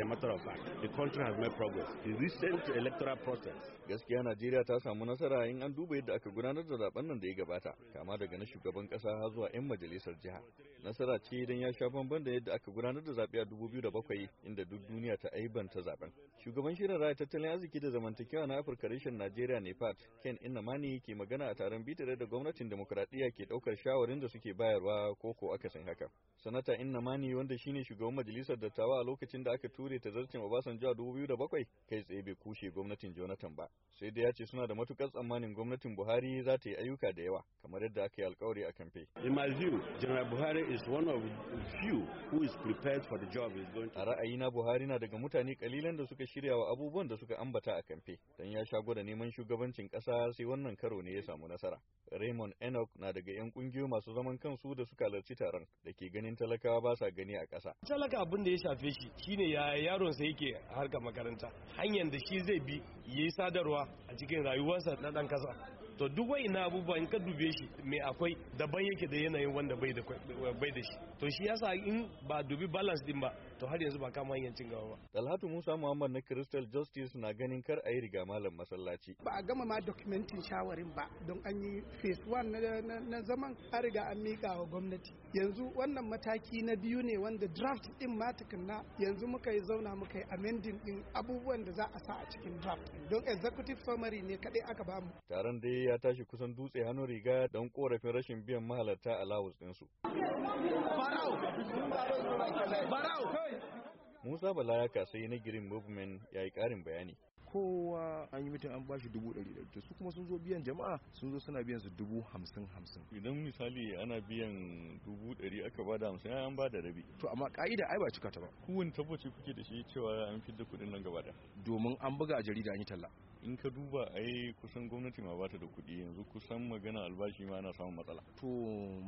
a matter of fact, the country has made progress. The recent electoral process. Gaskiya Najeriya ta samu nasara in an duba yadda aka gudanar da zaben nan da ya gabata, kama daga na shugaban kasa har zuwa 'yan majalisar jiha. Nasara ce idan ya sha bamban da yadda aka gudanar da zaɓe a 2007 inda duk duniya ta aibanta zaben. Shugaban shirin raya tattalin arziki da zamantakewa na Afirka reshen Najeriya Nepal, Ken mani ke magana a taron bitare da gwamnatin demokuraɗiyya ke daukar shawarin da suke bayarwa ko ko san haka. Sanata Innamani wanda shine shugaban majalisar dattawa a lokacin da aka tura ture ta zarcin Obasanjo da 2007 kai tsaye bai kushe gwamnatin Jonathan ba. Sai dai ya ce suna da matukar tsammanin gwamnatin Buhari za ta yi ayyuka da yawa kamar yadda aka yi alkawari a kamfe. In my view, General Buhari is one of few who is prepared for the job is going to. A ra'ayina Buhari na daga mutane kalilan da suka shirya wa abubuwan da suka ambata a kamfe. Dan ya shago da neman shugabancin kasa sai wannan karo ne ya samu nasara. Raymond Enoch na daga 'yan kungiyoyi masu zaman kansu da suka halarci taron da ke ganin talakawa ba sa gani a ƙasa. Talaka abin da ya shafe shi shine ya yaronsa yake harkar makaranta hanyar da shi zai bi ya yi sadarwa a cikin rayuwarsa na ɗan kasa to duk na abubuwa in ka dube shi mai akwai daban yake da yanayin wanda bai da shi to shi yasa in ba dubi balance din ba to har yanzu ba kama hanyar cin gaba ba Talatu Musa Muhammad na Crystal Justice na ganin kar a yi riga malam masallaci ba a gama ma documentin shawarin ba don an yi phase one na zaman an riga an mika wa gwamnati yanzu wannan mataki na biyu ne wanda draft din ma tukunna yanzu muka yi zauna muka yi amending din abubuwan da za a sa a cikin draft don executive summary ne kadai aka bamu taron dai ya tashi kusan dutse hannun riga don korafin rashin biyan mahalarta alawus ɗinsu. Musa Bala ya kasai na Green Movement ya yi ƙarin bayani. kowa an yi mutum an ba shi dubu ɗari ɗari su kuma sun zo biyan jama'a sun zo suna biyan su dubu hamsin hamsin idan misali ana biyan dubu ɗari aka ba da hamsin an ba da rabi to amma ka'ida ai ba cika ta ba kowane tabbaci kuke da shi cewa an fidda kuɗin nan gaba da domin an buga a jarida an yi talla in ka duba ai kusan gwamnati ma bata da kuɗi yanzu kusan magana albashi ma ana samun matsala to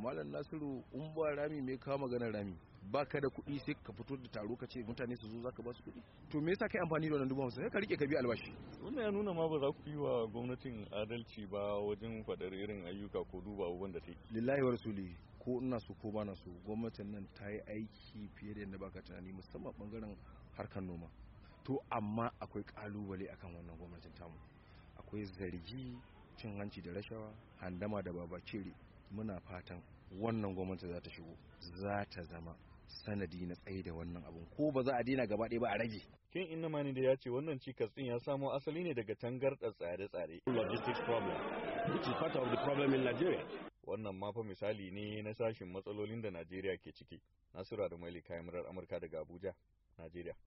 malam nasiru in ba rami me ka magana rami ba ka da kuɗi sai ka fito da taro ka ce mutane su zo za ka ba su kuɗi to me yasa kai amfani da wannan dubu hamsin sai ka rike ka bi albashi wannan ya nuna ma ba za ku yi wa gwamnatin adalci ba wajen faɗar irin ayyuka ko duba abubuwan da ta yi lillahi wa rasuli ko ina so ko ba na so gwamnatin nan ta yi aiki fiye da yadda baka tunani musamman bangaren harkar noma to amma akwai kalubale akan wannan gwamnatin tamu akwai zargi cin hanci da rashawa handama da babacire muna fatan wannan gwamnati za ta shigo za ta zama sanadi na tsaye da wannan abun ko ba za a daina gaba ɗaya ba a rage kin inna mani da ya ce wannan cikas din ya samo asali ne daga tangarɗa tsare-tsare logistics problem which is part of the problem in Nigeria wannan ma fa misali ne na sashin matsalolin da Najeriya ke ciki Nasiru da Maili kayan murar Amurka daga Abuja Najeriya